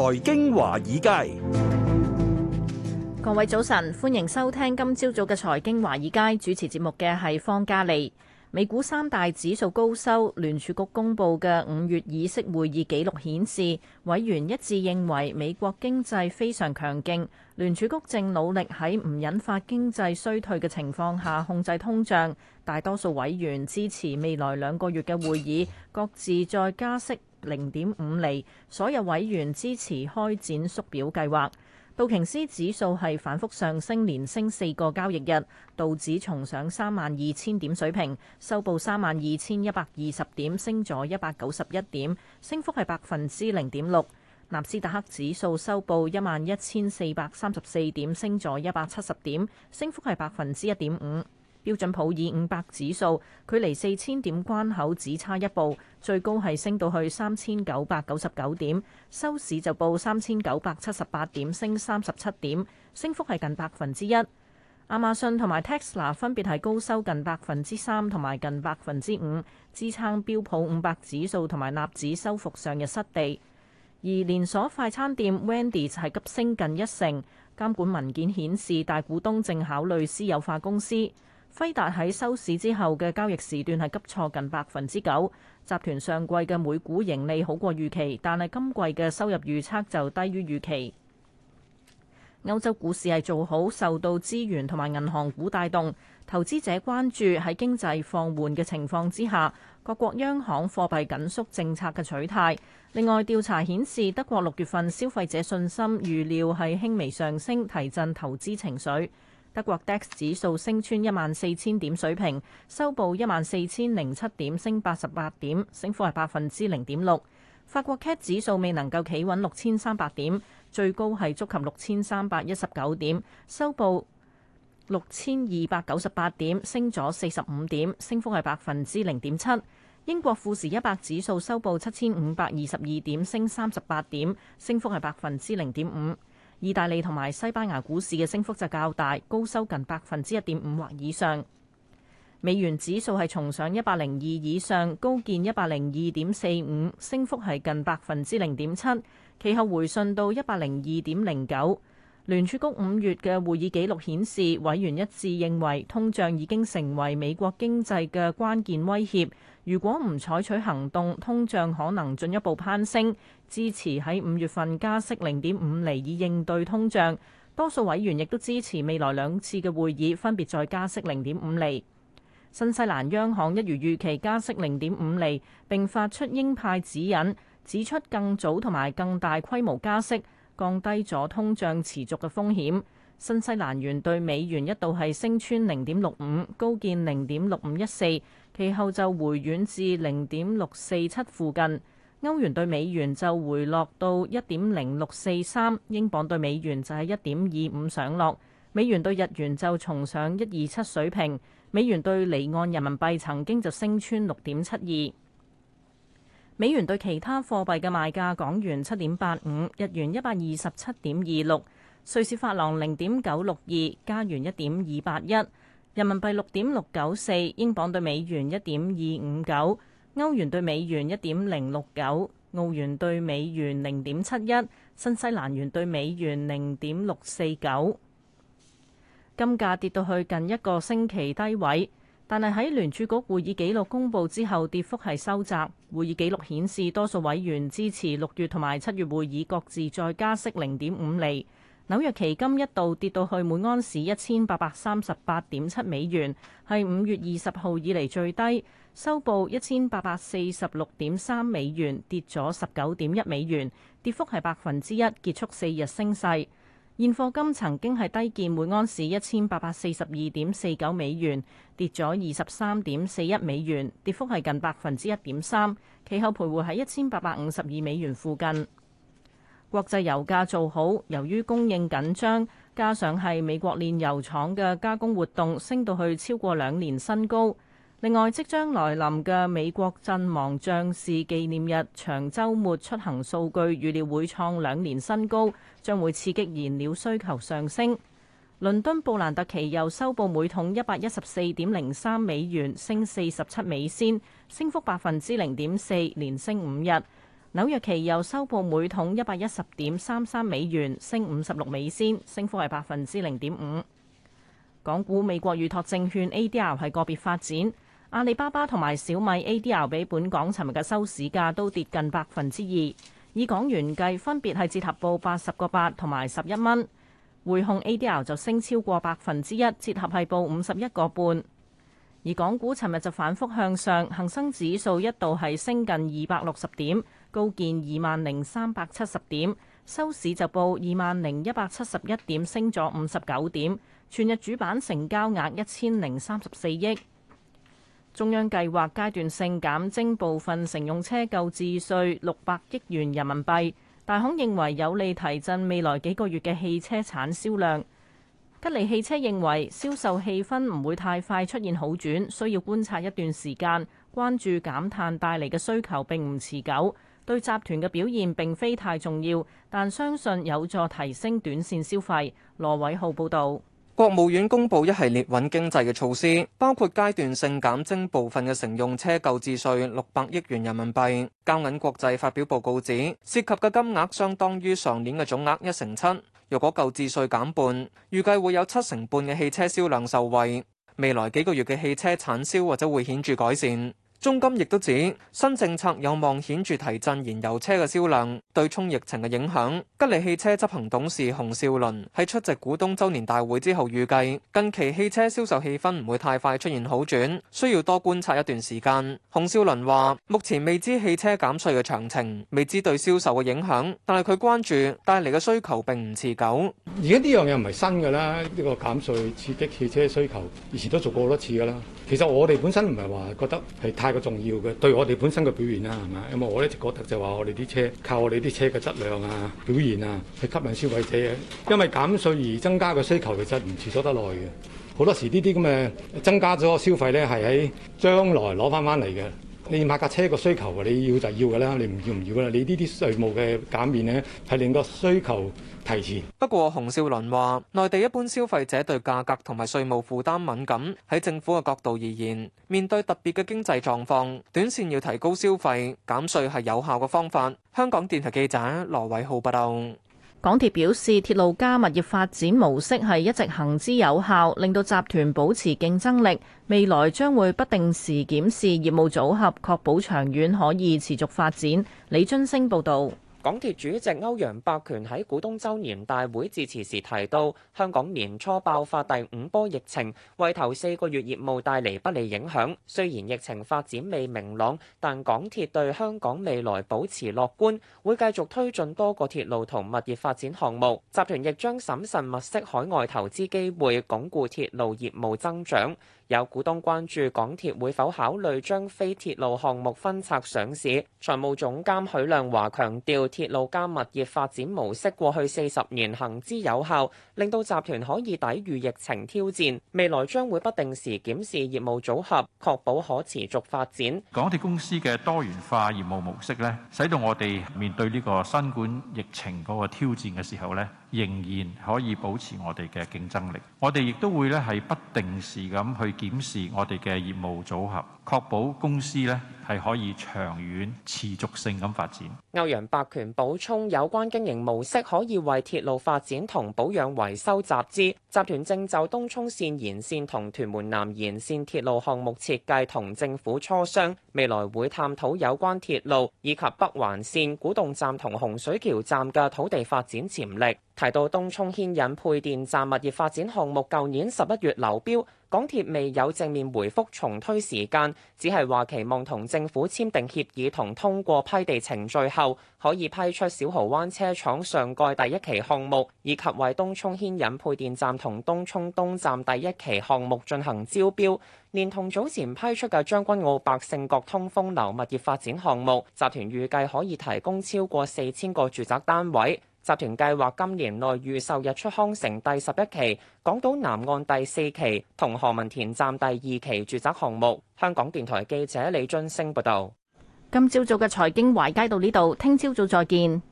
財經華爾街，各位早晨，歡迎收聽今朝早嘅財經華爾街，主持節目嘅係方嘉莉。美股三大指數高收，聯儲局公布嘅五月議息會議記錄顯示，委員一致認為美國經濟非常強勁，聯儲局正努力喺唔引發經濟衰退嘅情況下控制通脹，大多數委員支持未來兩個月嘅會議，各自再加息零點五厘。所有委員支持開展縮表計劃。道瓊斯指數係反覆上升，連升四個交易日，道指重上三萬二千點水平，收報三萬二千一百二十點，升咗一百九十一點，升幅係百分之零點六。納斯達克指數收報一萬一千四百三十四點，升咗一百七十點，升幅係百分之一點五。標準普爾五百指數距離四千點關口只差一步，最高係升到去三千九百九十九點，收市就報三千九百七十八點，升三十七點，升幅係近百分之一。亞馬遜同埋 Tesla 分別係高收近百分之三同埋近百分之五，支撐標普五百指數同埋納指收復上日失地。而連鎖快餐店 Wendy 就係急升近一成，監管文件顯示大股東正考慮私有化公司。輝達喺收市之後嘅交易時段係急挫近百分之九。集團上季嘅每股盈利好過預期，但係今季嘅收入預測就低於預期。歐洲股市係做好，受到資源同埋銀行股帶動。投資者關注喺經濟放緩嘅情況之下，各國央行貨幣緊縮政策嘅取態。另外調查顯示，德國六月份消費者信心預料係輕微上升，提振投資情緒。德國 DAX 指數升穿一萬四千點水平，收報一萬四千零七點，升八十八點，升幅係百分之零點六。法國 CAC 指數未能夠企穩六千三百點，最高係觸及六千三百一十九點，收報六千二百九十八點，升咗四十五點，升幅係百分之零點七。英國富時一百指數收報七千五百二十二點，升三十八點，升幅係百分之零點五。意大利同埋西班牙股市嘅升幅就較大，高收近百分之一點五或以上。美元指數係重上一百零二以上，高見一百零二點四五，升幅係近百分之零點七，其後回信到一百零二點零九。聯儲局五月嘅會議記錄顯示，委員一致認為通脹已經成為美國經濟嘅關鍵威脅，如果唔採取行動，通脹可能進一步攀升。支持喺五月份加息零點五厘以應對通脹，多數委員亦都支持未來兩次嘅會議分別再加息零點五厘。新西蘭央行一如預期加息零點五厘，並發出鷹派指引，指出更早同埋更大規模加息。降低咗通脹持續嘅風險。新西蘭元對美元一度係升穿零點六五，高見零點六五一四，其後就回軟至零點六四七附近。歐元對美元就回落到一點零六四三，英鎊對美元就係一點二五上落。美元對日元就重上一二七水平。美元對離岸人民幣曾經就升穿六點七二。美元對其他貨幣嘅賣價：港元七點八五，日元一百二十七點二六，瑞士法郎零點九六二，加元一點二八一，人民幣六點六九四，英鎊對美元一點二五九，歐元對美元一點零六九，澳元對美元零點七一，新西蘭元對美元零點六四九。金價跌到去近一個星期低位。但係喺聯儲局會議記錄公佈之後，跌幅係收窄。會議記錄顯示，多數委員支持六月同埋七月會議各自再加息零點五厘。紐約期金一度跌到去每安士一千八百三十八點七美元，係五月二十號以嚟最低，收報一千八百四十六點三美元，跌咗十九點一美元，跌幅係百分之一，結束四日升勢。現貨金曾經係低見每盎司一千八百四十二點四九美元，跌咗二十三點四一美元，跌幅係近百分之一點三。其後徘徊喺一千八百五十二美元附近。國際油價做好，由於供應緊張，加上係美國煉油廠嘅加工活動升到去超過兩年新高。另外，即將來臨嘅美國陣亡將士紀念日長週末出行數據預料會創兩年新高，將會刺激燃料需求上升。倫敦布蘭特期油收報每桶一百一十四點零三美元，升四十七美仙，升幅百分之零點四，連升五日。紐約期油收報每桶一百一十點三三美元，升五十六美仙，升幅係百分之零點五。港股美國預託證券 ADR 係個別發展。阿里巴巴同埋小米 ADR 比本港尋日嘅收市價都跌近百分之二，以港元計分別係折合報八十個八同埋十一蚊。匯控 ADR 就升超過百分之一，折合係報五十一個半。而港股尋日就反覆向上，恒生指數一度係升近二百六十點，高見二萬零三百七十點，收市就報二萬零一百七十一點，升咗五十九點。全日主板成交額一千零三十四億。中央計劃階段性減徵部分乘用車購置稅六百億元人民幣，大行認為有利提振未來幾個月嘅汽車產銷量。吉利汽車認為銷售氣氛唔會太快出現好轉，需要觀察一段時間，關注減碳帶嚟嘅需求並唔持久，對集團嘅表現並非太重要，但相信有助提升短線消費。羅偉浩報導。國務院公佈一系列穩經濟嘅措施，包括階段性減徵部分嘅乘用車購置稅六百億元人民幣。交銀國際發表報告指，涉及嘅金額相當於上年嘅總額一成七。若果購置稅減半，預計會有七成半嘅汽車銷量受惠，未來幾個月嘅汽車產銷或者會顯著改善。中金亦都指新政策有望顯著提振燃油車嘅銷量，對沖疫情嘅影響。吉利汽車執行董事洪少倫喺出席股東周年大會之後預計近期汽車銷售氣氛唔會太快出現好轉，需要多觀察一段時間。洪少倫話目前未知汽車減稅嘅詳情，未知對銷售嘅影響，但係，佢關注帶嚟嘅需求並唔持久。而家呢樣嘢唔係新㗎啦，呢個減稅刺激汽車需求，以前都做過好多次㗎啦。其實，我哋本身唔係話覺得係太。個重要嘅對我哋本身嘅表現啦，係嘛？因為我一直覺得就話我哋啲車，靠我哋啲車嘅質量啊、表現啊，去吸引消費者。因為減稅而增加嘅需求，其實唔持續得耐嘅。好多時呢啲咁嘅增加咗消費呢係喺將來攞翻翻嚟嘅。你買架車個需求，你要就要㗎啦，你唔要唔要㗎啦。你呢啲稅務嘅減免呢，係令個需求提前。不過，洪少麟話：內地一般消費者對價格同埋稅務負擔敏感，喺政府嘅角度而言，面對特別嘅經濟狀況，短線要提高消費減稅係有效嘅方法。香港電台記者羅偉浩報道。港鐵表示，鐵路加物業發展模式係一直行之有效，令到集團保持競爭力。未來將會不定時檢視業務組合，確保長遠可以持續發展。李津升報導。港鐵主席歐陽伯權喺股東周年大會致辭時提到，香港年初爆發第五波疫情，為頭四個月業務帶嚟不利影響。雖然疫情發展未明朗，但港鐵對香港未來保持樂觀，會繼續推進多個鐵路同物業發展項目。集團亦將審慎物色海外投資機會，鞏固鐵路業務增長。有股東關注港鐵會否考慮將非鐵路項目分拆上市，財務總監許亮華強調。鐵路加物業發展模式過去四十年行之有效，令到集團可以抵禦疫情挑戰。未來將會不定時檢視業務組合，確保可持續發展。港鐵公司嘅多元化業務模式咧，使到我哋面對呢個新冠疫情嗰個挑戰嘅時候咧，仍然可以保持我哋嘅競爭力。我哋亦都會咧係不定時咁去檢視我哋嘅業務組合，確保公司咧，係可以長遠持續性咁發展。歐陽百權補充有關經營模式，可以為鐵路發展同保養維修集資。集團正就東涌綫延線同屯門南延線鐵路項目設計同政府磋商，未來會探討有關鐵路以及北環線古洞站同洪水橋站嘅土地發展潛力。提到東涌牽引配電站物業發展項目，舊年十一月流標。港鐵未有正面回覆重推時間，只係話期望同政府簽訂協議同通過批地程序後，可以批出小濠灣車廠上蓋第一期項目，以及為東涌牽引配電站同東涌東站第一期項目進行招標。連同早前批出嘅將軍澳百勝角通風樓物業發展項目，集團預計可以提供超過四千個住宅單位。集團計劃今年內預售日出康城第十一期、港島南岸第四期同何文田站第二期住宅項目。香港電台記者李津升報導。今朝早嘅財經華爾街到呢度，聽朝早，早再見。